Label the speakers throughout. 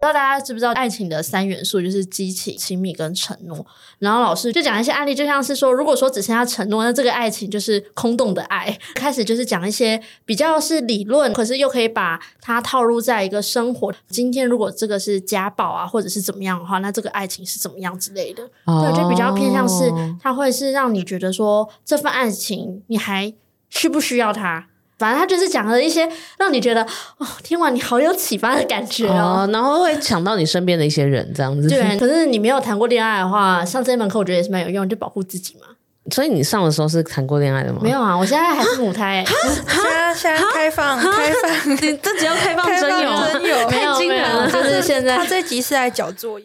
Speaker 1: 不知道大家知不知道愛情的三元素就是激情、親密跟承諾。然後老師就講一些案例，就像是說，如果說只剩下承諾，那這個愛情就是空洞的愛。開始就是講一些比較是理論，可是又可以把它套入在一個生活。今天如果這個是家暴啊，或者是怎麼樣的話，那這個愛情是怎麼樣之類的。
Speaker 2: 對，就比較偏向
Speaker 1: 是它會是讓你覺得說這份愛情你還需不需要它？反正他就是講了一些讓你覺得哦，聽完、啊、你好有啟發的感覺哦，哦
Speaker 2: 然後會想到你身邊的一些人這樣子。對，可是
Speaker 1: 你沒有談過戀愛的話，上這一門課我覺得也是蠻有用
Speaker 2: 的，就保護自己嘛。所以你上的時候是談過戀愛的嗎？沒有啊，我現在還是母胎、欸啊，現在現在開放、啊、開放，啊開放啊、你這只要開放真有真有，真有 太驚人了，了，就是現在他這
Speaker 3: 集是在交作業。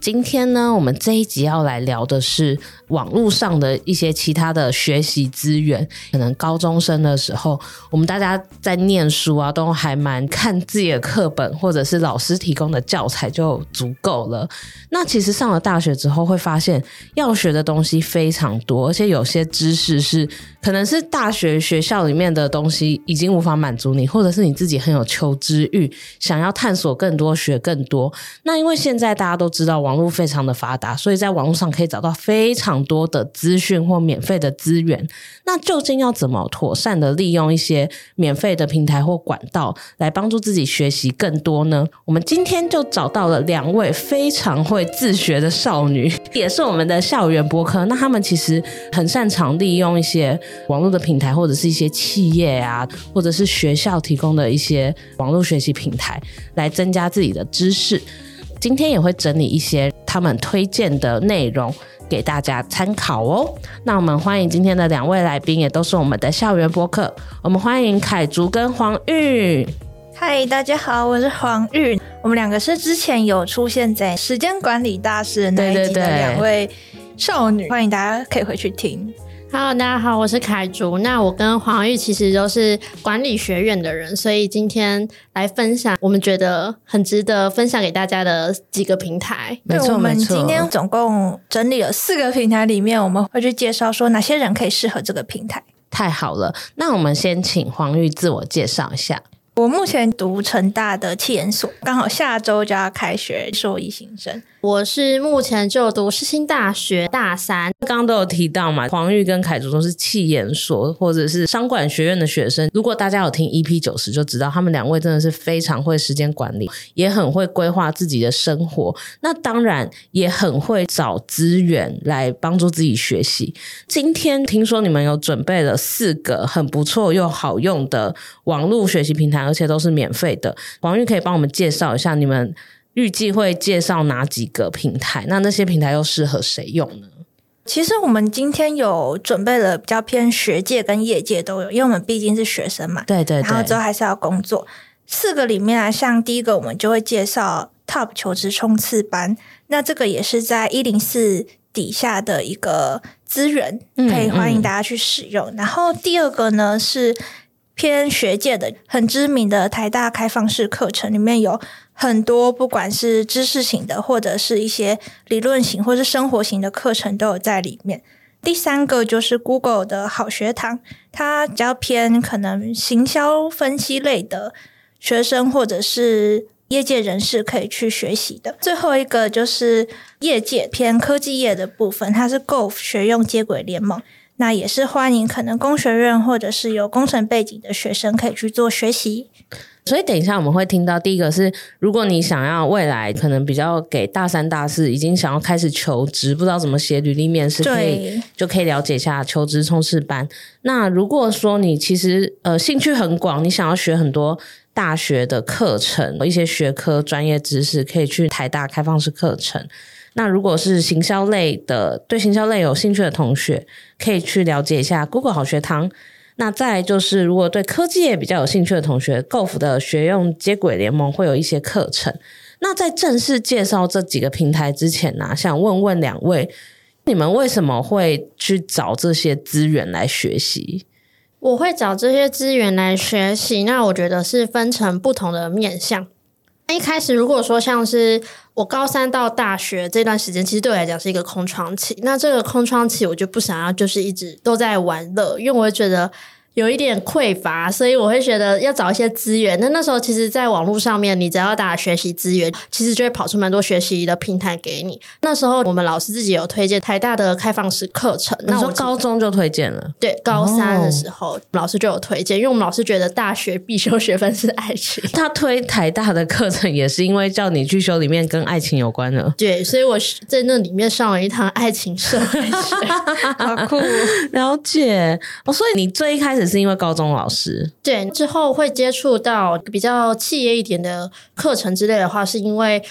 Speaker 2: 今天呢，我們這一集要來聊的是，網絡上的一些其他的學習資源，可能高中生的時候，我們大家在念書啊，都還蠻看自己的課本或者是老師提供的教材就足夠了。那其實上了大學之後，會發現要學的東西非常多，而且有些知識是可能是大學學校裡面的東西已經無法滿足你，或者是你自己很有求知慾，想要探索更多，學更多。那因為現在大家都知道網絡非常的發達，所以在網絡上可以找到非常多的資訊或免費的資源，那究竟要怎麼妥善的利用一些免費的平台或管道來幫助自己學習更多呢？我們今天就找到了兩位非常會自學的少女，也是我們的校園播客。那他們其實很擅長利用一些網絡的平台或者是一些企業啊，或者是學校提供的一些網絡學習平台來增加自己的知識。今天也會整理一些他們推薦的內容。給大家參考哦。那我們歡迎今天的兩位來賓，也都是我們的校園播客。我們歡迎凱築跟凰鈺。
Speaker 3: 嗨，大家好，我是凰鈺。我們兩個是之前有出現在時間管理大師那一集的兩位少女，對對對，
Speaker 1: 歡迎大家可以
Speaker 3: 回去聽。
Speaker 1: 哈囉，大家好，我是凱築。那我跟凰鈺其實都是管理學院的人，所以今天來分享我們覺得很值得分享給大家的幾個平台。
Speaker 3: 沒錯，那我們今天總
Speaker 1: 共整理了四
Speaker 3: 個平台，裡面我們會去介紹說哪些人可以適合這個平台。
Speaker 2: 太好了，那我們先請凰鈺自我介紹一下。
Speaker 3: 我目前讀成大的企研所，剛好下周就要開學，碩一新生。
Speaker 2: 我是目前就讀世新大學大三。剛剛都有提到嘛，凰鈺跟凱築都是企研所或者是商管學院的學生。如果大家有聽 EP 九十，就知道他們兩位真的是非常會時間管理，也很會規劃自己的生活。那當然也很會找資源來幫助自己學習。今天聽說你們有準備了四個很不錯又好用的網絡學習平台。而且都是免費的，凰鈺可以幫我們介紹一下，你們預計會介紹哪幾個平台？那那些平台又適合誰用呢？
Speaker 3: 其實我們今天有準備了比較偏學界跟業界都有，因為我們畢竟是學生嘛，對，對對，然後之後還是要工作。四個裡面啊，像第一個我們就會介紹 Top 求職衝刺班，那這個也是在一零四底下的一個資源，嗯，可以歡迎大家去使用。嗯、然後第二個呢是。偏學界的很知名的台大開放式課程，裡面有很多，不管是知識型的或者是一些理論型或是生活型的課程都有在裡面。第三個就是 Google 的好學堂，它比較偏可能行銷分析類的學生或者是業界人士可以去學習的。最後一個就是業界偏科技業的部分，它是 Golf 學用接軌聯盟。那也是歡迎可能工學院或者是有工程背景的學生可以去做學習。
Speaker 2: 所以等一下我們會聽到第一個是，如果你想要未來可能比較給大三、大四已經想要開始求職，不知道怎麼寫履歷面、面試，可以就可以了解一下求職衝刺班。那如果說你其實呃興趣很廣，你想要學很多大學的課程或一些學科專業知識，可以去台大開放式課程。那如果是行銷類的，對行銷類有興趣的同學，可以去了解一下 Google 好學堂。那再就是，如果對科技也比較有興趣的同學，Golf 的學用接軌聯盟會有一些課程。那在正式介紹這幾個平台之前呢、啊，想問問兩位，你們為什麼會去找這些資源來學習？
Speaker 1: 我會找這些資源來學習，那我覺得是分成不同的面向。一開始，如果說像是。我高三到大學這段時間，其實對我來講是一個空窗期。那這個空窗期，我就不想要，就是一直都在玩樂，因為我覺得。有一點匱乏，所以我會覺得要找一些資源。那那時候其實，在網絡上面，你只要打學習資源，其實就會跑出蠻多學習的平台給你。那時候我們老師自己有推薦台大的開放式課程。那時候高中就推薦了？對，高三的時候、oh. 老師就有推薦，因為我們老師覺得大學必修學分是愛情。
Speaker 2: 他推台大的課程也是因為叫你去修裡面跟愛情有關的。對，所以我在那裡面上了一堂愛情社會學，好酷， 了解。哦、oh，所以你最一開始。是因為高中老師。
Speaker 1: 對，之後會接觸到比較企業一點的課程之類的話，是因為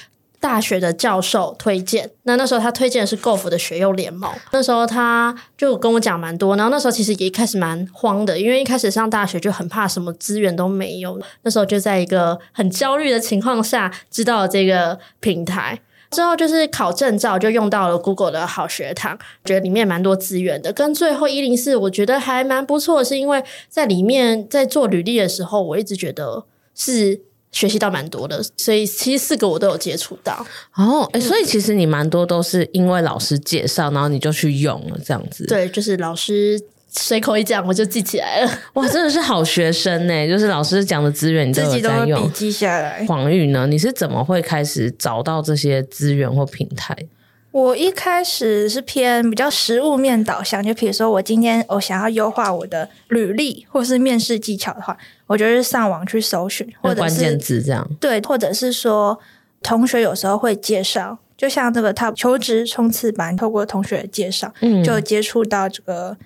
Speaker 1: 大學的教授推薦。那那時候他推薦的是 Golf 的學用聯盟，那時候他就跟我講蠻多，然後那時候其實也一開始蠻慌的，因為一開始上大學就很怕什麼資源都沒有，那時候就在一個很焦慮的情況下，知道這個平台。之後就是考證照，就用到了 Google 的好學堂，覺得裡面蠻多資源的。跟最後一零四，我覺得還蠻不錯，是因為在裡面在做履歷的時候，我一直覺得是學習到蠻多的。所以其實
Speaker 2: 四個我都有接觸到。哦，欸，所以其實你蠻多都是因為老師介紹，然後你就去用了這樣子。
Speaker 1: 對，就是老師。隨口一講，我就記起來了。
Speaker 2: 哇，真的是好學生呢！ 就是老師講的資源，你都有在筆記下來。凰鈺呢？你是怎麼會開始找到這些資源或平台？
Speaker 3: 我一開始是偏比較實務面導向，就比如說我今天我想要優化我的履歷或是面試技巧的話，我就是上網去搜尋，或者、嗯、關鍵字這樣。對，或者是說同學有時候會介紹，就像這個 TOP 求職衝刺班，透過同學的介紹、嗯，就接觸到這個。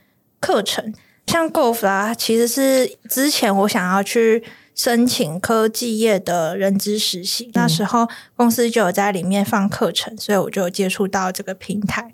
Speaker 3: 課程像 Golf 啊，其實是之前我想要去申請科技業的人資實習，嗯、那時候公司就有在裡面放課程，所以我就有接觸到這個平台。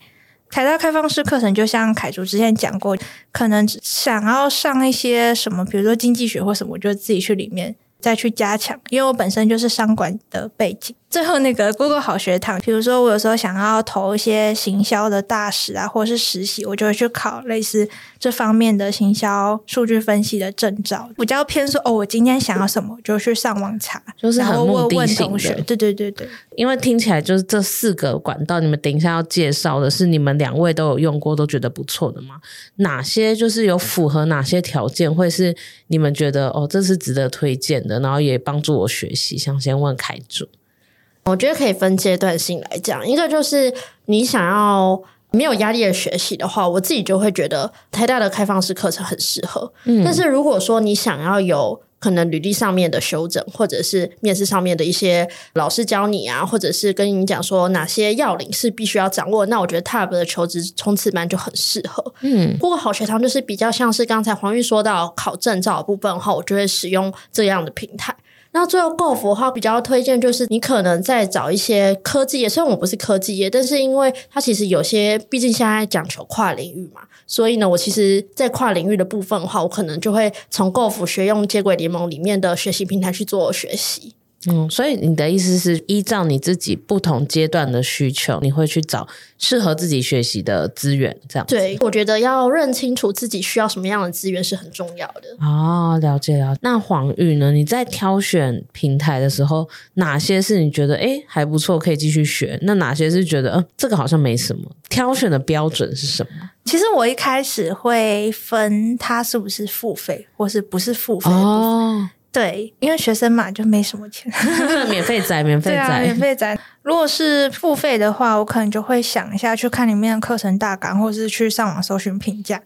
Speaker 3: 台大開放式課程就像凱築之前講過，可能想要上一些什麼，比如說經濟學或什麼，我就自己去裡面再去加強，因為我本身就是商管的背景。最後那個 Google 好學堂，比如說我有時候想要投一些行銷的大使啊，或是實習，我就會去考類似這方面的行銷數據分析的證照。比較偏說哦，我今天想要什麼，就去上網查，就是很目的性的。對對對對，
Speaker 2: 因為聽起來就是這四個管道，你們等一下要介紹的是你們兩位都有用過，都覺得不錯的嘛？哪些就是有符合哪些條件，會是你們覺得哦，這是值得推薦的，然後也幫助我學習。想先問凱築。
Speaker 1: 我覺得可以分階段性來講，一個就是你想要沒有壓力的學習的話，我自己就會覺得台大的開放式課程很適合。嗯，但是如果說你想要有可能履歷上面的修整，或者是面試上面的一些老師教你啊，或者是跟你講說哪些要領是必須要掌握，那我覺得 TOP 的求職衝刺班就很適合。
Speaker 2: 嗯，不
Speaker 1: 過好學堂就是比較像是剛才凰鈺說到考證照的部分後，我就會使用這樣的平台。那最後 Golf 的話，比較推薦就是你可能在找一些科技業，雖然我不是科技業，但是因為它其實有些，畢竟現在講求跨領域嘛，所以呢，我其實，在跨領域的部分的話，我可能就會從 Golf 學用接軌聯盟裡面的學習平台去做學習。
Speaker 2: 嗯，所以你的意思是依照你自己不同階段的需求，你會去找適合自己學習的資源，這樣？對，
Speaker 1: 我覺得要認清楚自己需要什麼樣的資源是很重要
Speaker 2: 的。哦，了解了解。那凰鈺呢？你在挑選平台的時候，哪些是你覺得誒還不錯可以繼續學？那哪些是覺得嗯、呃，這個好像沒什麼？挑選的標準是什麼？
Speaker 3: 其實我一開始會分它是不是付費或是不是付費哦。對，因為學生嘛，就沒什麼錢，
Speaker 2: 免費仔，免費仔，對啊，免費
Speaker 3: 仔。如果是付費的話，我可能就會想一下，去看裡面的課程大綱，或者是去上網搜尋評價。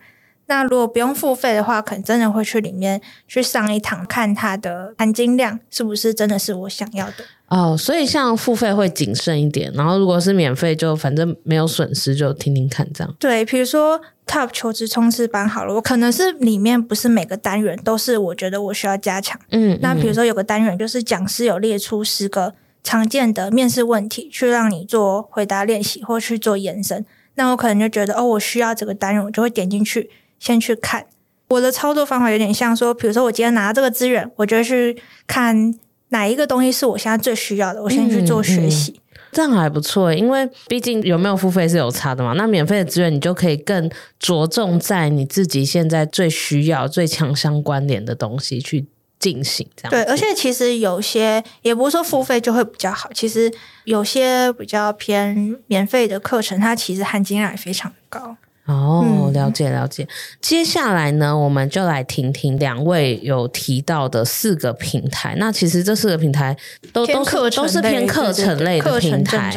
Speaker 3: 那如果不用付費的話，可能真的會去裡面去上一堂，看它的含金量是不是真的是我想要的
Speaker 2: 哦。所以像付費會謹慎一點，然後如果是免費，就反正沒有損失，就聽聽看這樣。
Speaker 3: 對，比如說 Top 求職衝刺班好了，我可能是裡面不是每個單元都是我覺得我需要加強。嗯，嗯，那比如說有個單元就是講師有列出十個常見的面試問題，去讓你做回答練習或去做延伸，那我可能就覺得哦，我需要這個單元，我就會點進去。先去看我的操作方法，有點像說，比如說我今天拿這個資源，我覺得去看哪一個東西是我現在最需要的，我先去做學習。嗯，
Speaker 2: 嗯，這樣還不錯。因為畢竟有沒有付費是有差的嘛。那免費的資源，你就可以更着重在你自己現在最需要、最強相關聯的東西去進行。這樣對，而且
Speaker 3: 其實有些也不是說付費就會比較好，其實有些比較偏免費的課程，它其實含金量也非常高。
Speaker 2: 哦，了解了解。嗯。接下來呢，我們就來聽聽兩位有提到的四個平台。那其實這四個平台都都都是偏課程類的平台，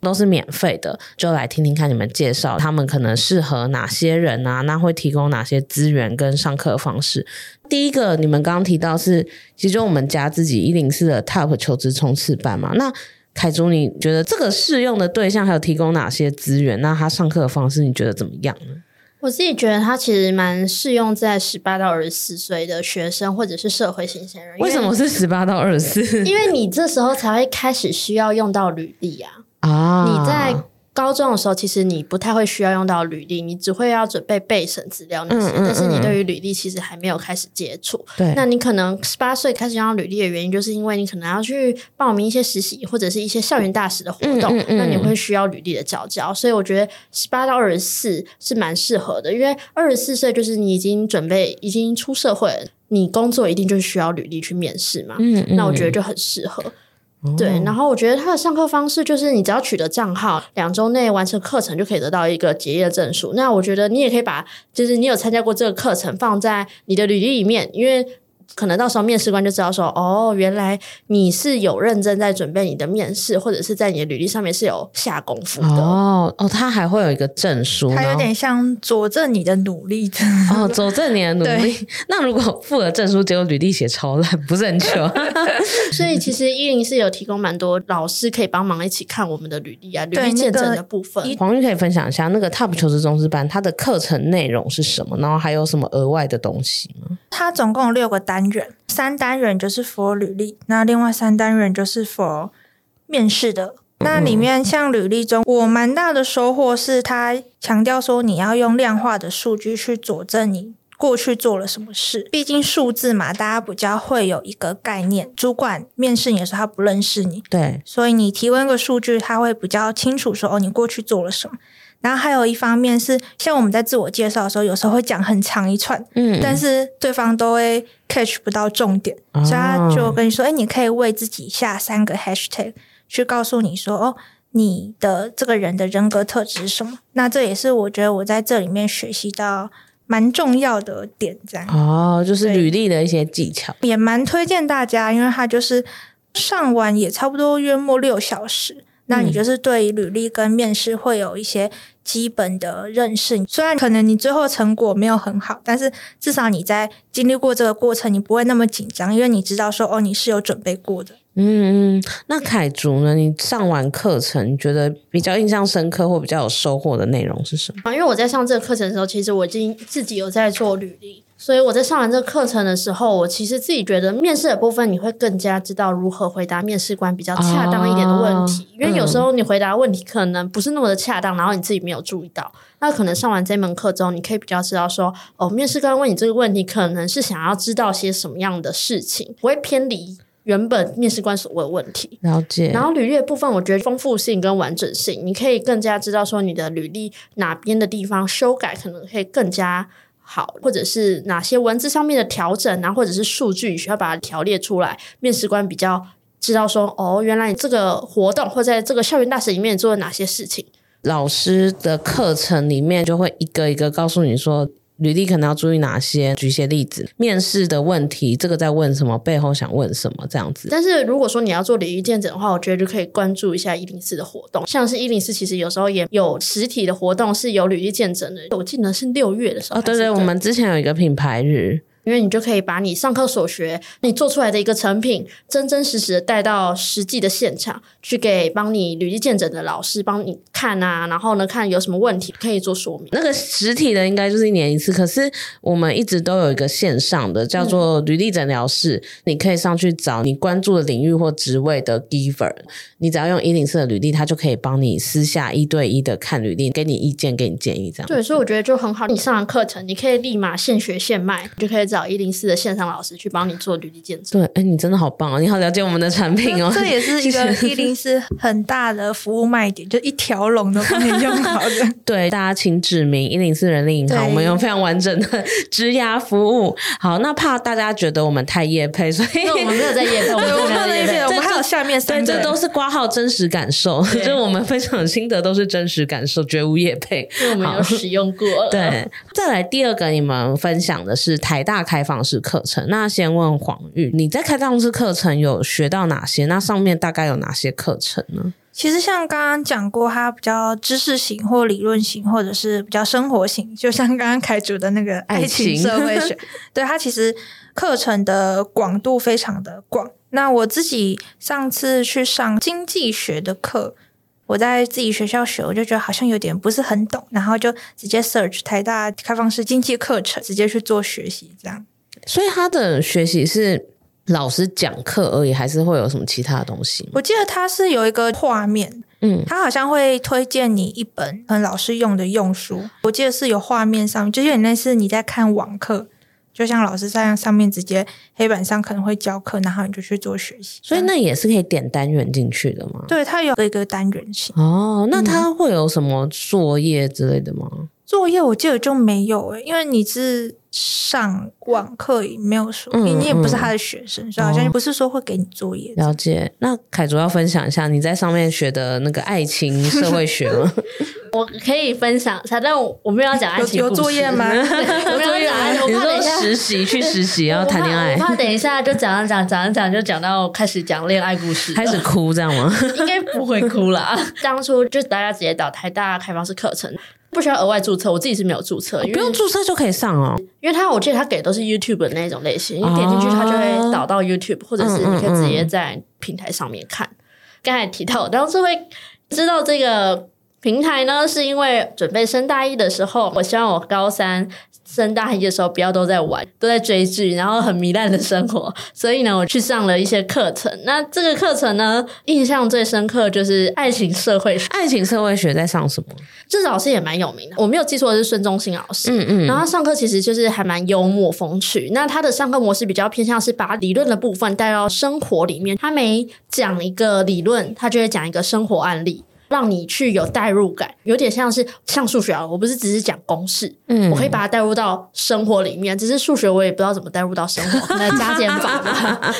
Speaker 2: 都是免費的。就來聽聽看你們介紹，他們可能適合哪些人啊？那會提供哪些資源跟上課方式？第一個，你們剛剛提到是，其實我們家自己一零四的 Top 求職衝刺班嘛。那凱築，你覺得這個適用的對象還有提供哪些資源？那他上課的方式你覺得怎麼樣呢？
Speaker 1: 我自己覺得他其實蠻適用在十八到二十四歲的學生或者是社會新鮮人，因為。為什麼是十
Speaker 2: 八到二十四？
Speaker 1: 因為你這時候才會開始需要用到履歷啊！
Speaker 2: 啊，你在。
Speaker 1: 高中的時候，其實你不太會需要用到履歷，你只會要準備備審資料那些，嗯嗯嗯。但是你對於履歷其實還沒有開始接觸。對。那你可能十八歲開始用到履歷的原因，就是因為你可能要去報名一些實習或者是一些校園大使的活動嗯嗯嗯，那你會需要履歷的繳交。所以我覺得十八到二十四是蠻適合的，因為二十四歲就是你已經準備已經出社會了，你工作一定就需要履歷去面試嘛嗯嗯嗯。那我覺得就很適合。 對，然後我覺得他的上課方式就是，你只要取得賬號，兩周內完成課程就可以得到一個結業證書。那我覺得你也可以把，就是你有參加過這個課程，放在你的履歷裡面，因為。可能到時候面試官就知道說，哦，原來你是有認真在準備你的面
Speaker 2: 試，或者是在你的履歷上面是有下功夫的哦。哦，他還會有一個證書，他有點像佐證你的努力哦，佐證你的努力。那如果附了證書，結果履歷寫超爛，不是很糗
Speaker 1: 所以其實104是有提供蠻多老師可以幫忙一起看我們的履歷啊，履歷見證的部分、那個。
Speaker 2: 凰鈺可以分享一下那個 Top 求職衝刺班他的課程內容是什麼，然後還有什麼額外的東西嗎？
Speaker 1: 他總共有六
Speaker 3: 個單。單元，三單元就是 for 履歷，那另外三單元就是 for 面試的。那裡面像履歷中，我蠻大的收穫是，他強調說，你要用量化的數據去佐證你過去做了什麼事，畢竟數字嘛，大家比較會有一個概念。主管面試你的時候，他不認識你，對，所以你提問個數據，他會比較清楚說哦，你過去做了什麼。然後還有一方面是，像我們在自我介紹的時候，有時候會講很長一串，嗯，但是對方都會 catch 不到重點，所以他就跟你說，哦、誒，你可以為自己下三個 hashtag，去告訴你說，哦，你的這個人的人格特質是什麼？那這也是我覺得我在這裡面學習到蠻重要的點，在，
Speaker 2: 哦，就是履歷的一些技巧，
Speaker 3: 也蠻推薦大家，因為它就是上完也差不多約莫六小時，那你就是對於履歷跟面試會有一些基本的認識。嗯。雖然可能你最後成果沒有很好，但是至少你在經歷過這個過程，你不會那麼緊張，因為你知道說，哦，你是有準備過的。
Speaker 2: 嗯嗯，那凱築呢？你上完課程，你覺得比較印象深刻或比較有收穫的內容是什
Speaker 1: 麼？因為我在上這個課程的時候，其實我已經自己有在做履歷，所以我在上完這個課程的時候，我其實自己覺得面試的部分，你會更加知道如何回答面試官比較恰當一點的問題。哦，因為有時候你回答問題可能不是那麼的恰當，然後你自己沒有注意到，那可能上完這門課之後，你可以比較知道說，哦，面試官問你這個問題，可能是想要知道些什麼樣的事情，不會偏離。原本面試官所問問題，
Speaker 2: 了解。然後
Speaker 1: 履歷的部分，我覺得豐富性跟完整性，你可以更加知道說你的履歷哪邊的地方修改可能會更加好，或者是哪些文字上面的調整啊，然後或者是數據你需要把它條列出來，面試官比較知道說，哦，原來你這個活動或者在這個校園大使裡面做了哪些事情。
Speaker 2: 老師的課程裡面就會一個一個告訴你說，履歷可能要注意哪些？舉一些例子，面試的問題，這個在問什麼？背後想問什麼？這樣子。但
Speaker 1: 是如果說你要做履歷健診的話，我覺得就可以關注一下一零四的活動，像是一零四其實有時候也有實體的活動是有履歷健診的。我記得是六月的時候，哦，對對，對，我們
Speaker 2: 之前有一個品牌日。
Speaker 1: 因為你就可以把你上課所學，你做出來的一個成品，真真實實的帶到實際的現場去，給幫你履歷健診的老師幫你看啊，然後呢，看有什麼問題可以做說明。
Speaker 2: 那個實體的應該就是一年一次，可是我們一直都有一個線上的叫做履歷診療室，嗯，你可以上去找你關注的領域或職位的 giver，你只要用一零四的履歷，他就可以幫你私下一對一的看履歷，給你意見，給你建議。這樣。對，
Speaker 1: 所以我覺得就很好。你上完課程，你可以立馬現學現賣，就可以找。找一零四的線上老師去幫你做履歷檢
Speaker 2: 測。對，哎、欸，你真的好棒哦！你好了解我們的產品哦。這也是一個一零
Speaker 1: 四
Speaker 3: 很大的服務賣點，就一條龍都幫你用好的。
Speaker 2: 對，大家請指名一零四人力銀行，我們有非常完整的職涯服務。好，那怕大家覺得我們太業配，所以我們沒有在業配。我們沒有業配， 我們還有下面三，這對對對都是括號真實感受，就是我們分享的心得都是真實感受，絕無業配。因為我們有使用過。對，再來第二個，你們分享的是台大。開放式課程，那先問凰鈺，你在開放式課程有學到哪些？那上面大概有哪些課程呢？
Speaker 3: 其實像剛剛講過，它比較知識型或理論型，或者是比較生活型，就像剛剛凱築的那個愛情社會學， 對，它其實課程的廣度非常的廣。那我自己上次去上經濟學的課。我在自己學校學，我就覺得好像有點不是很懂，然後就直接 search 台大開放式經濟課程，直接去做學習這樣。
Speaker 2: 所以他的學習是老師講課而已，還是會有什麼其他的東西？
Speaker 3: 我記得他是有一個畫面，嗯，他好像會推薦你一本很老師用的用書，我記得是有畫面上，就有點類似你在看網課。就像老師在上面直接黑板上可能會教課，然後你就去做學習。
Speaker 2: 所以那也是可以點單元進去的嗎？
Speaker 3: 對，它有一個單元型。
Speaker 2: 哦，那它會有什麼作業之類的嗎？嗯作業我記得就沒有誒、
Speaker 3: 欸，因為你是上網課，也沒有說、嗯、你
Speaker 2: 也不是他的
Speaker 1: 學生、嗯，所以好像不是說會給你作業。哦、
Speaker 2: 了解。那凱築要分享一下你在上面學的那個愛情社會學嗎？
Speaker 1: 我可以分享一下，但我我沒有要講愛情有。有作業嗎？我沒有作業。 你說實習去實習，要談戀愛。那等一下就講一講，講一講就講到開始講戀愛故事，開始
Speaker 2: 哭這樣嗎？ 應
Speaker 1: 該不會哭啦。 當初就是大家直接到臺大開放式課程。不需要額外註冊，我自己是沒有註冊。哦，不用註
Speaker 2: 冊就可以上哦，因
Speaker 1: 為他我記得他給的都是 YouTube 的那一種類型，哦，你點進去他就會導到 YouTube，或者是你可以直接在平台上面看。嗯嗯嗯。剛才提到，然後這會知道這個，平台呢，是因為準備升大一的時候，我希望我高三升大一的時候不要都在玩、都在追劇，然後很糜爛的生活。所以呢，我去上了一些課程。那這個課程呢，印象最深刻就是愛情社會學。愛情社會學在上什麼？這老師也蠻有名的，我沒有記錯的是孫中興老師。嗯嗯，然後上課其實就是還蠻幽默風趣。那他的上課模式比較偏向是把理論的部分帶到生活裡面。他每講一個理論，他就會講一個生活案例。讓你去有代入感，有點像是像數學啊，我不是只是講公式，嗯，我可以把它代入到生活裡面，只是數學我也不知道怎麼代入到生活。 那加減減法，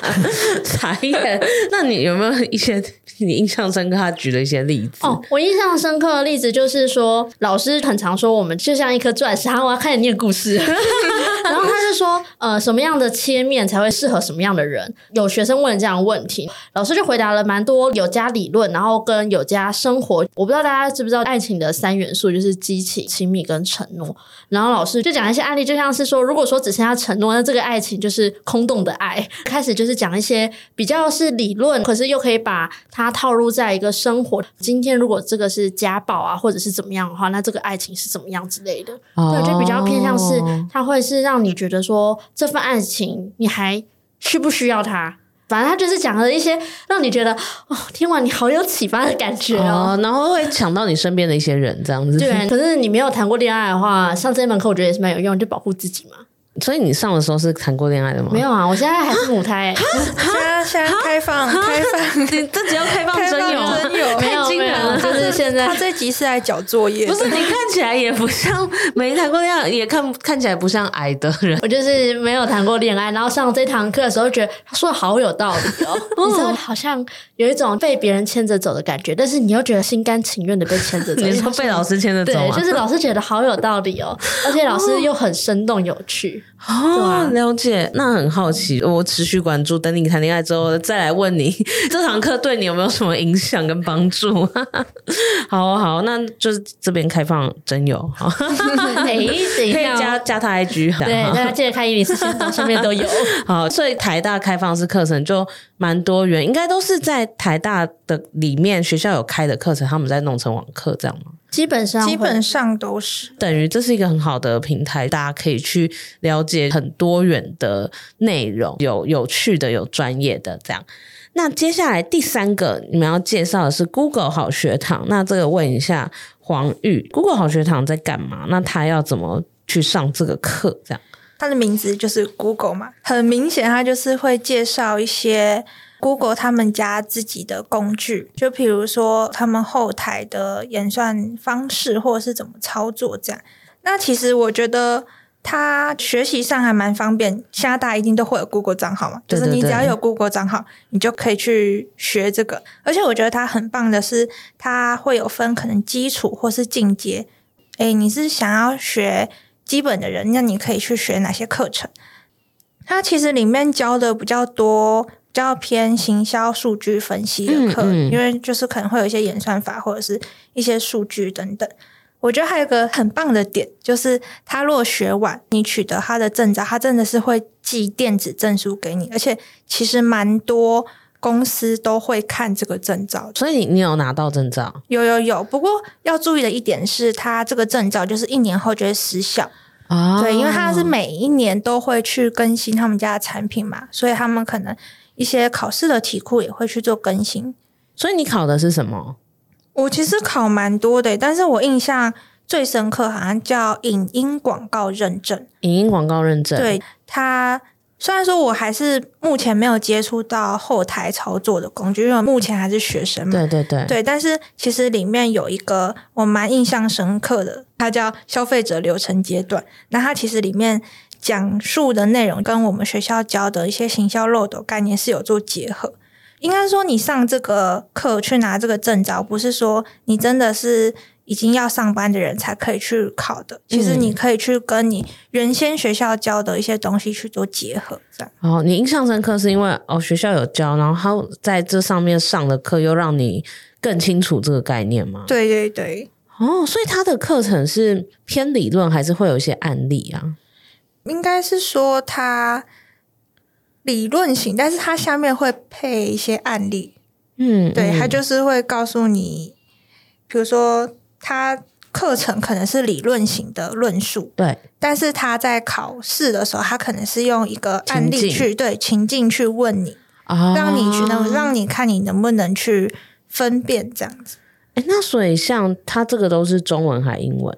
Speaker 2: 財 爺，那你有沒有一些你印象深刻他舉了一些例子？哦，
Speaker 1: 我印象深刻的例子就是說，老師很常說我們就像一顆鑽石，然後我要開始念故事， 然後他就說，呃，什麼樣的切面才會適合什麼樣的人？有學生問這樣的問題，老師就回答了蠻多，有加理論，然後跟有加生。活我不知道大家知不知道愛情的三元素就是激情、親密跟承諾。然後老師就講一些案例，就像是說，如果說只剩下承諾，那這個愛情就是空洞的愛。開始就是講一些比較是理論，可是又可以把它套入在一個生活。今天如果這個是家暴啊，或者是怎麼樣的話，那這個愛情是怎麼樣之類的？Oh. 對，就比較偏向是它會是讓你覺得說這份愛情你還需不需要它？反正他就是講了一些讓你覺得哦，天啊，你好有啟發的感覺哦。哦，
Speaker 2: 然後會想到你身邊的一些人這樣子。對，可是你沒有談過戀愛的話，上這門課我覺得也是蠻有用的，就保護自己嘛。所以你上的時候是談過戀愛的嗎？沒有啊，
Speaker 1: 我現在還是母胎、欸，現在現在開放開放，這只要開放真
Speaker 3: 有，真有，沒有，
Speaker 1: 沒有了是就是現在。他這
Speaker 2: 集是來交作業，不是，你看起來也不像沒談過戀愛，也看看起來不像矮的人。我就是沒有談過戀愛，然後上這
Speaker 1: 堂課的時候覺得他說的好有道理、喔、哦，你知道好像有一種被別人牽着走的感覺，但是你又覺得心甘情願的被牽着走。你說被
Speaker 2: 老師牽着走，就是老師
Speaker 1: 覺得好有道理、喔、哦，而且老師又很生動有趣。
Speaker 2: 哦、啊，了解，那很好奇，我持續關注，等你談戀愛之後再來問你，這堂課對你有沒有什麼影響跟幫助？ 好、哦、好，那就是這邊開放徵友。友，
Speaker 1: 哎，等一下、哦、可以加加他
Speaker 2: IG， 對，這 對，大家
Speaker 1: 記得看伊女士， 上面都有。
Speaker 2: 好，所以台大開放式課程就蠻多元，應該都是在台大的裡面學校有開的課程，他們在弄成網課這樣嗎？
Speaker 3: 基本上，基本上都是
Speaker 2: 等於，這是一個很好的平台，大家可以去了解很多元的內容，有有趣的，有專業的這樣。那接下來第三個你們要介紹的是 Google 好學堂，那這個問一下凰鈺，Google 好學堂在幹嘛？那他要怎麼去上這個課？這樣，
Speaker 3: 他的名字就是 Google 嘛，很明顯，他就是會介紹一些。Google 他們家自己的工具，就比如說他們後台的演算方式，或者是怎麼操作這樣。那其實我覺得他學習上還蠻方便。現在大家一定都會有 Google 賬號嘛，對對對，就是你只要有 Google 賬號你就可以去學這個。而且我覺得它很棒的是，它會有分可能基礎或是進階。誒，你是想要學基本的人，那你可以去學哪些課程？它其實裡面教的比較多。比較偏行銷數據分析的課，嗯嗯，因為就是可能會有一些演算法或者是一些數據等等。我覺得還有一個很棒的點就是，他若學完你取得他的證照，他真的是會寄電子證書給你，而且其實蠻多公司都會看這個證照。所以你你
Speaker 2: 有拿到證照？
Speaker 3: 有有有。不過要注意的一點是，他這個證照就是一年後就會失效
Speaker 2: 啊，哦。對，因為他是
Speaker 3: 每一年都會去更新他們家的產品嘛，所以他們可能。一些考試的題庫也會去做更新，
Speaker 2: 所以你考的是什麼？
Speaker 3: 我其實考蠻多的欸，但是我印象最深刻好像叫影音廣告
Speaker 1: 認證。
Speaker 2: 影音廣告認證，對，
Speaker 3: 它雖然說我還是目前沒有接觸到後台操作的工具，因為我目前還是學生嘛。
Speaker 2: 對對對，對。
Speaker 3: 但是其實裡面有一個我蠻印象深刻的，它叫消費者流程階段。那它其實裡面講述的內容跟我們學校教的一些行銷漏斗概念是有做結合，應該說，你上這個課去拿這個證照，不是說你真的是已經要上班的人才可以去考的。其實你可以去跟你原先學校教的一些東西去做結合。
Speaker 2: 這樣。嗯、哦，你印象深刻是因為哦學校有教，然後他在這上面上的課又讓你更清楚這個概念嗎？對對對。哦，所以他的課程是偏理論，還是會有一些案例啊？
Speaker 3: 應該是說他理論型，但是他下面會配一些案例。嗯，
Speaker 2: 對，嗯、他就是
Speaker 3: 會告訴你，比如說他課程可能是理論型的論述，對，但是他在考試的時候，他可能是用一個案例去情對情境去問你，
Speaker 2: 啊、哦，讓你去能讓你
Speaker 3: 看你能不能去分辨這樣子。哎、
Speaker 2: 欸，那所以像他這個都是中文還英文？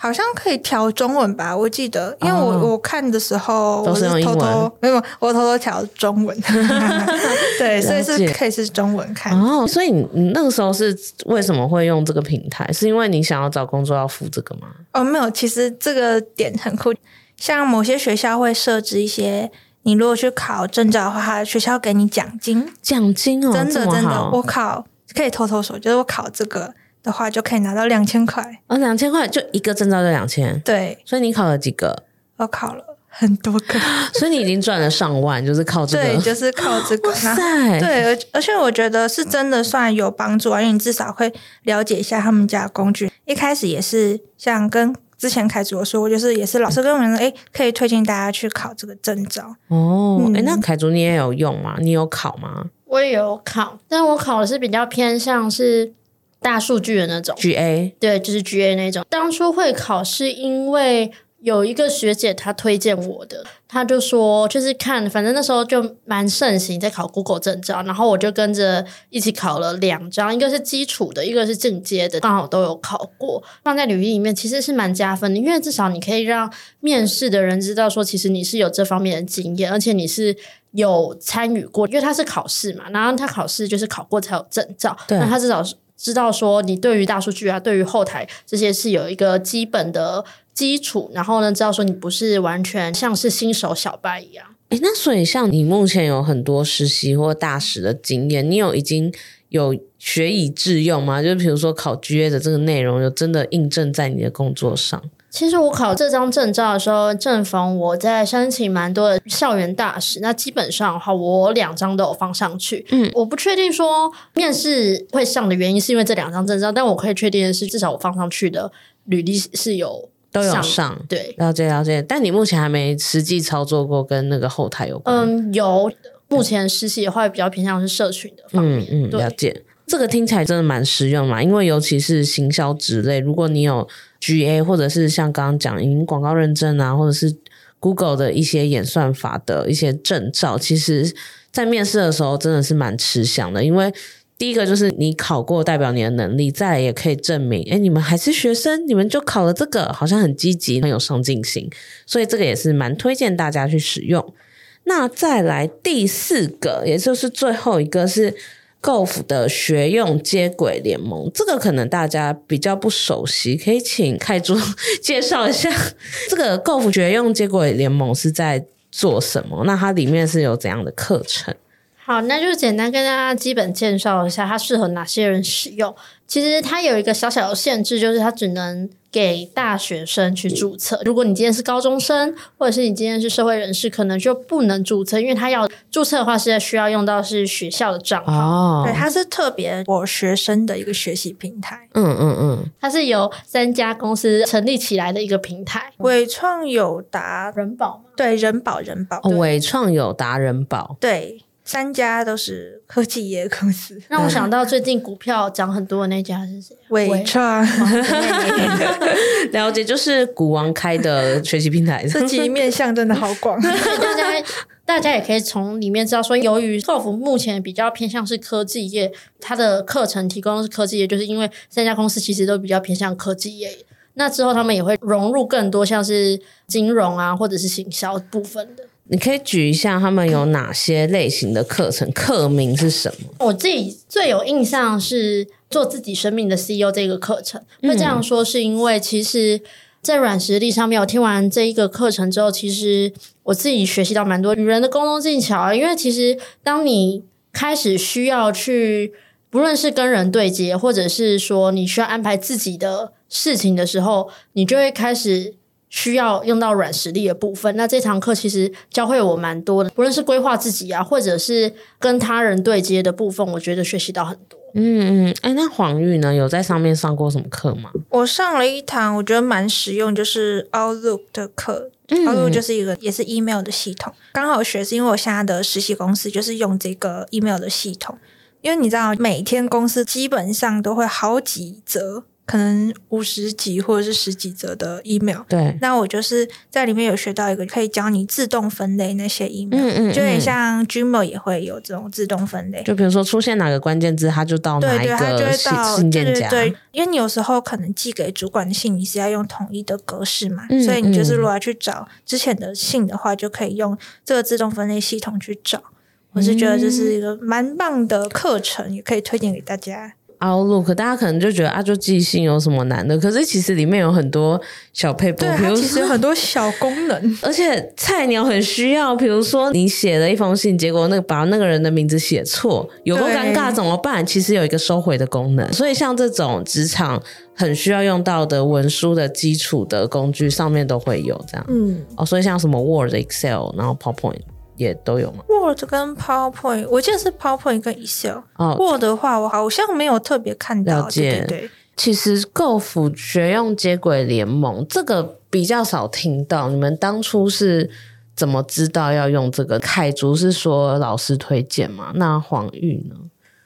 Speaker 3: 好像可以調中文吧？我記得，因為我、哦、我看的時候，我是偷偷都是用英文沒有，我偷偷調中文。 對，所以是可以是中文
Speaker 2: 看。哦，所以你那個時候是為什麼會用這個平台？是因為你想要找工作要付這個嗎？
Speaker 3: 哦，沒有，其實這個點很酷。像某些學校會設置一些，你如果去考證照的話，學校給你獎金。獎金哦，真的真的，我考可以偷
Speaker 2: 偷說，就是我考這個。的話就可以拿到兩千塊啊！兩千塊就一個證照就兩千，對。所以你考了幾個？
Speaker 3: 我考了很多
Speaker 2: 個， 所以你已經賺了上萬，就是靠這個，對，就是
Speaker 3: 靠這個。哇塞對，而而且我覺得是真的算有幫助啊，因為你至少會了解一下他們家的工具。一開始也是像跟之前凱築我說，我就是也是老師跟我們說，哎、欸，可以推薦大家去考這個證照。
Speaker 2: 哦，哎、嗯欸，那凱築你也有用嗎？你有考嗎？
Speaker 1: 我也有考，但我考的是比較偏向是。大數據的那種 GA，對，就是 GA 那種。當初會考是因為有一個學姐她推薦我的，她就說就是看，反正那時候就蠻盛行在考 Google 證照，然後我就跟着一起考了兩張，一個是基礎的，一個是進階的，剛好都有考過。放在履歷裡面其實是蠻加分的，因為至少你可以讓面試的人知道說，其實你是有這方面的經驗，而且你是有參與過，因為他是考試嘛，然後他考試就是考過才有證照，對，那他至少是。知道說你對於大數據啊，對於後台這些是有一個基本的基礎，然後呢，知道說你不是完全像是新手小白一樣。
Speaker 2: 誒那所以像你目前有很多實習或大使的經驗，你有已經有學以致用嗎？就比如說考 GA 的這個內容，有真的印證在你的工作上？
Speaker 1: 其實我考這張證照的時候，正逢我在申請蠻多的校園大使，那基本上的話，我兩張都有放上去。嗯，我不確定說面試會上的原因，是因為這兩張證照，但我可以確定的是至少我放上去的履歷是有上
Speaker 2: 都有上。對，了解了解。但你目前還沒實際操作過跟那個後臺有關。
Speaker 1: 嗯，有。目前實習的話比較偏向是社群的
Speaker 2: 方面。嗯嗯，了解，對。這個聽起來真的蠻實用嘛，因為尤其是行銷之類，如果你有。GA 或者是像剛剛講因廣告認證啊，或者是 Google 的一些演算法的一些證照，其實，在面試的時候真的是蠻吃香的。因為第一個就是你考過，代表你的能力，再來也可以證明，誒，你們還是學生，你們就考了這個，好像很積極，很有上進心，所以這個也是蠻推薦大家去使用。那再來第四個，也就是最後一個是。Golf 的學用接軌聯盟，這個可能大家比較不熟悉，可以請凱築介紹一下，這個 Golf 學用接軌聯盟是在做什麼？那它裡面是有怎樣的課程？
Speaker 1: 好，那就簡單跟大家基本介紹一下，它適合哪些人使用。其實它有一個小小的限制，就是它只能給大學生去注冊。如果你今天是高中生，或者是你今天是社會人士，可能就不能注冊，因為它要注冊的話，現在需要用到是學校的賬號。哦，對，它是特別我學生的一個學習平
Speaker 2: 台。嗯嗯
Speaker 1: 嗯，它是由三家公司成立起來的一個平台，嗯、緯創友達、仁寶嗎，對，仁寶仁寶，
Speaker 2: 緯創友達仁寶，
Speaker 3: 對。三家都是科技業公司，讓、嗯、我想到最近股
Speaker 1: 票漲很多的那家是誰？緯、嗯、創、
Speaker 2: 哦、 了解，就是股王開的學習平台，科 技
Speaker 1: 面向真的好廣。 大家大家也可以從裡面知道說，說由於 Golf 目前比較偏向是科技業，它的課程提供的是科技業，就是因為三家公司其實都比較偏向科技業，那之後他們也會融入更多像是金融啊或者是行銷部分的。
Speaker 2: 你可以舉一下他們有哪些類型的課程，嗯、課名是什麼？
Speaker 1: 我自己最有印象是做自己生命的 CEO 這個課程。那、嗯、這樣說是因為，其實，在軟實力上面，我聽完這一個課程之後，其實我自己學習到蠻多與人的溝通技巧、啊。因為其實，當你開始需要去，不論是跟人對接，或者是說你需要安排自己的事情的時候，你就會開始。需要用到軟實力的部分，那這堂課其實教會我蠻多的，無論是規劃自己啊，或者是跟他人對接的部分，我覺得學習到很多。
Speaker 2: 嗯嗯，哎、欸，那凰鈺呢，有在上面上過什麼課嗎？
Speaker 1: 我上了一堂，我覺得蠻實用，就
Speaker 3: 是 Outlook 的課，嗯。Outlook 就是一個也是 email 的系統，剛好學是因為我現在的實習公司就是用這個 email 的系統，因為你知道，每天公司基本上都會好幾則。可能五十幾或者是十幾則的 email，對。那我就是在裡面有學到一個可以教你自動分類那些 email，嗯嗯。嗯就有點像 Gmail 也會有這種自動分類，就比如
Speaker 2: 說出現哪個關鍵字，它就到哪一個對對對信件夾。對,對,對，因
Speaker 3: 為你有時候可能寄給主管的信，你是要用統一的格式嘛，嗯嗯、所以你就是如果要去找之前的信的話，就可以用這個自動分類系統去找。
Speaker 2: 我是覺得這是一
Speaker 3: 個蠻棒的課程、嗯，也可以推薦給大家。
Speaker 2: Outlook，大家可能就覺得啊，就寄信有什麼難的？可是其實裡面有很多小撇步，對啊，其實有很多小功能，而且菜鳥很需要。比如說你寫了一封信，結果那個、把那個人的名字寫錯，有多尷尬？怎麼辦？其實有一個收回的功能。所以像這種職場很需要用到的文書的基礎的工具，上面都會有這樣。嗯，哦，所以像什麼 Word、Excel，然後 PowerPoint。也都有
Speaker 3: 嗎？Word 跟 PowerPoint，我記得是 PowerPoint 跟 Excel。哦、oh,，Word 的話，我好像沒有特別看到。了解。對,對,
Speaker 2: 對，其實 Golf 學用接軌聯盟這個比較少聽到，你們當初是怎麼知道要用這個？凱築是說老師推薦嗎？那凰鈺呢？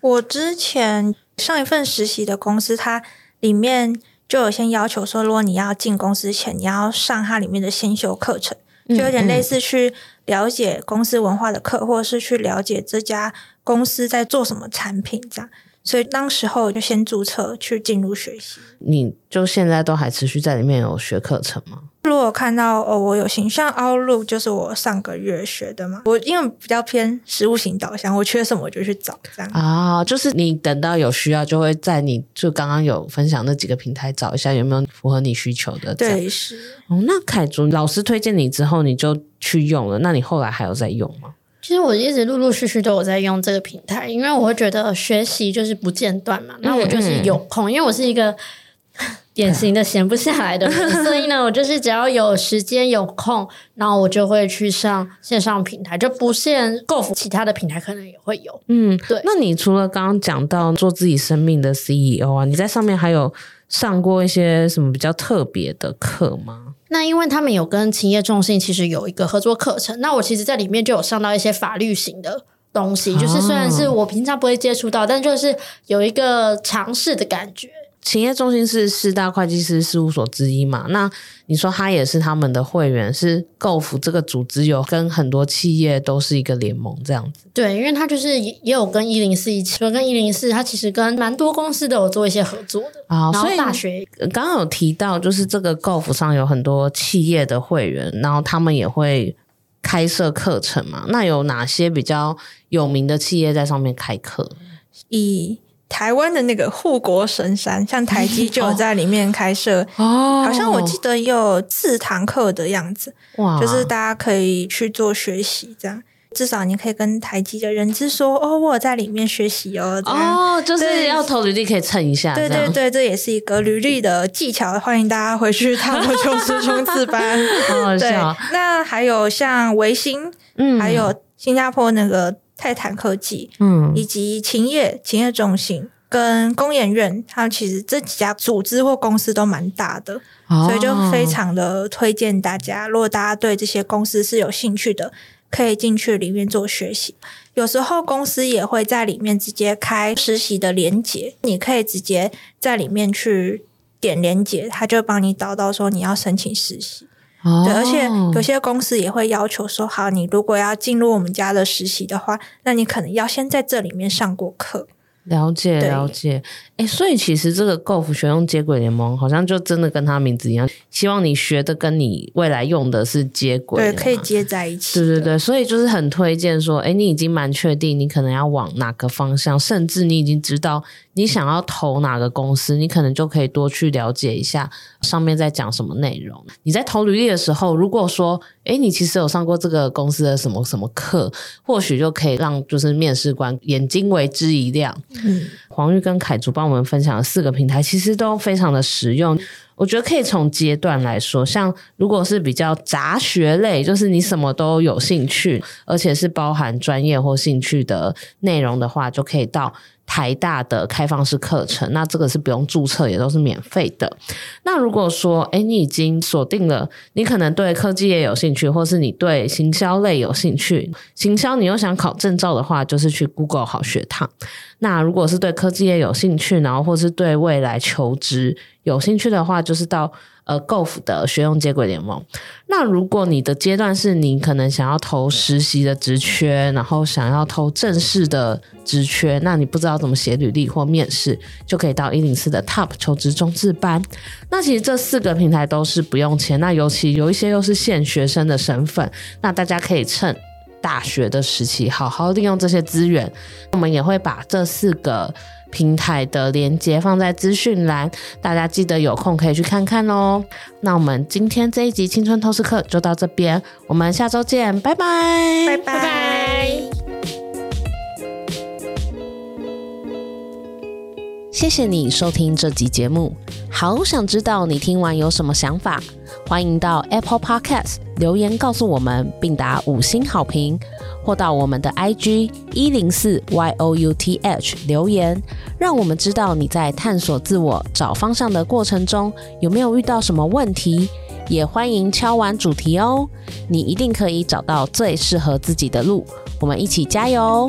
Speaker 3: 我之前上一份實習的公司，它裡面就有先要求說，如果你要進公司前，你要上它裡面的先修課程。就有點類似去了解公司文化的課，或者是去了解這家公司在做什麼產品這樣。所以當時候就先註冊去進入學習。
Speaker 2: 你就現在都還持續在裡面有學課程嗎？
Speaker 3: 如果我看到哦，我有形象凹錄，就是我上個月學的嘛。我因為比較偏實務型導向，我缺什麼我就去找這
Speaker 2: 樣。啊，就是你等到有需要，就會在你就剛剛有分享那幾個平台找一下，有沒有符合你需求的？對，是。哦，那凱築老師推薦你之後，你就去用了。那你後來還有在用嗎？
Speaker 1: 其實我一直陸陸續續都有在用這個平台，因為我會覺得學習就是不間斷嘛。那我就是有空，嗯嗯因為我是一個。典型的閒不下來的人， 所以呢，我就是只要有時間有空， 然後我就會去上線上平台，就不限 Golf，其他的平台可能也
Speaker 2: 會有。嗯，對。那你除了剛剛講到做自己生命的 CEO 啊，你在上面還有上過一些什麽比較特別的課嗎？
Speaker 1: 那因為他們有跟勤業眾信其實有一個合作課程，那我其實在裡面就有上到一些法律型的東西，就是雖然是我平常不會接觸到，哦、但就是有一個
Speaker 2: 嘗試的感覺。勤業眾信是四大會計師事務所之一嘛？那你說他也是他們的會員，是 Golf 這個組織有跟很多企業都是一個聯盟這樣
Speaker 1: 子。對，因為他就是也有跟一零四一起，跟一零四，他其實跟蠻多公司都有做一些合作
Speaker 2: 的啊。所以大學剛剛有提到，就是這個 Golf 上有很多企業的會員，然後他們也會開設課程嘛。那有哪些比較有名的企業在上面開課？
Speaker 3: 一台灣的那個護國神山，像台積就有在裡面開設，哦哦，好像我記得有四堂課的樣子
Speaker 2: 哇，就是大
Speaker 3: 家可以去做學習，這樣至少你可以跟台積的人資說，哦，我在裡面學習哦這樣，哦，就是要投履歷
Speaker 2: 可以蹭一下，對，對對對，
Speaker 3: 這也是一個履歷的技巧，歡迎大家回去他們求職衝刺班，
Speaker 2: 對好，好笑。
Speaker 3: 那還有像維新，嗯，還有新加坡那個。泰坦科技，嗯，以及勤業勤業中心跟工研院，它其實這幾家組織或公司都蠻大的，哦、所以就非常的推薦大家。如果大家對這些公司是有興趣的，可以進去裡面做學習。有時候公司也會在裡面直接開實習的連結，你可以直接在裡面去點連結，他就幫你導到說你要申請實習。
Speaker 2: 哦、對，而且有些
Speaker 3: 公司也會要求說，好，你如果要進入我們家的實習的話，那你可能要先在這裡面上過課。
Speaker 2: 了解了解，哎，所以其實這個 Golf 學用接軌聯盟，好像就真的跟他名字一樣，希望你學的跟你未來用的是接軌聯盟，對，可以接在一起。對對對，所以就是很推薦說，哎，你已經蠻確定，你可能要往哪個方向，甚至你已經知道。你想要投哪個公司，你可能就可以多去了解一下上面在講什麼內容。你在投履歷的時候，如果說，誒、欸，你其實有上過這個公司的什麼什麼課，或許就可以讓就是面試官眼睛為之一亮。嗯、凰鈺跟凱築幫我們分享了四個平台，其實都非常的實用。我覺得可以從階段來說，像如果是比較雜學類，就是你什麼都有興趣，而且是包含專業或興趣的內容的話，就可以到。台大的開放式課程，那這個是不用註冊，也都是免費的。那如果說，誒，你已經鎖定了，你可能對科技業有興趣，或是你對行銷類有興趣，行銷你又想考證照的話，就是去 Google 好學堂。那如果是對科技業有興趣，然後或是對未來求職有興趣的話，就是到。呃，Golf 的學用接軌聯盟。那如果你的階段是你可能想要投實習的職缺，然後想要投正式的職缺，那你不知道怎麼寫履歷或面試，就可以到一零四的 Top 求職衝刺班。那其實這四個平台都是不用錢，那尤其有一些又是限學生的身份，那大家可以趁大學的時期好好利用這些資源。我們也會把這四個。平台的鏈接放在資訊欄，大家記得有空可以去看看哦。那我們今天這一集青春透視課就到這邊，我們下周見，拜拜，拜拜。拜拜謝謝你收聽這集節目，好想知道你聽完有什麼想法，歡迎到 Apple Podcast 留言告訴我們，並打五星好評，或到我們的 IG 104 YOUTH 留言，讓我們知道你在探索自我、找方向的過程中有沒有遇到什麼問題。也歡迎敲完主題哦，你一定可以找到最適合自己的路，我們一起加油！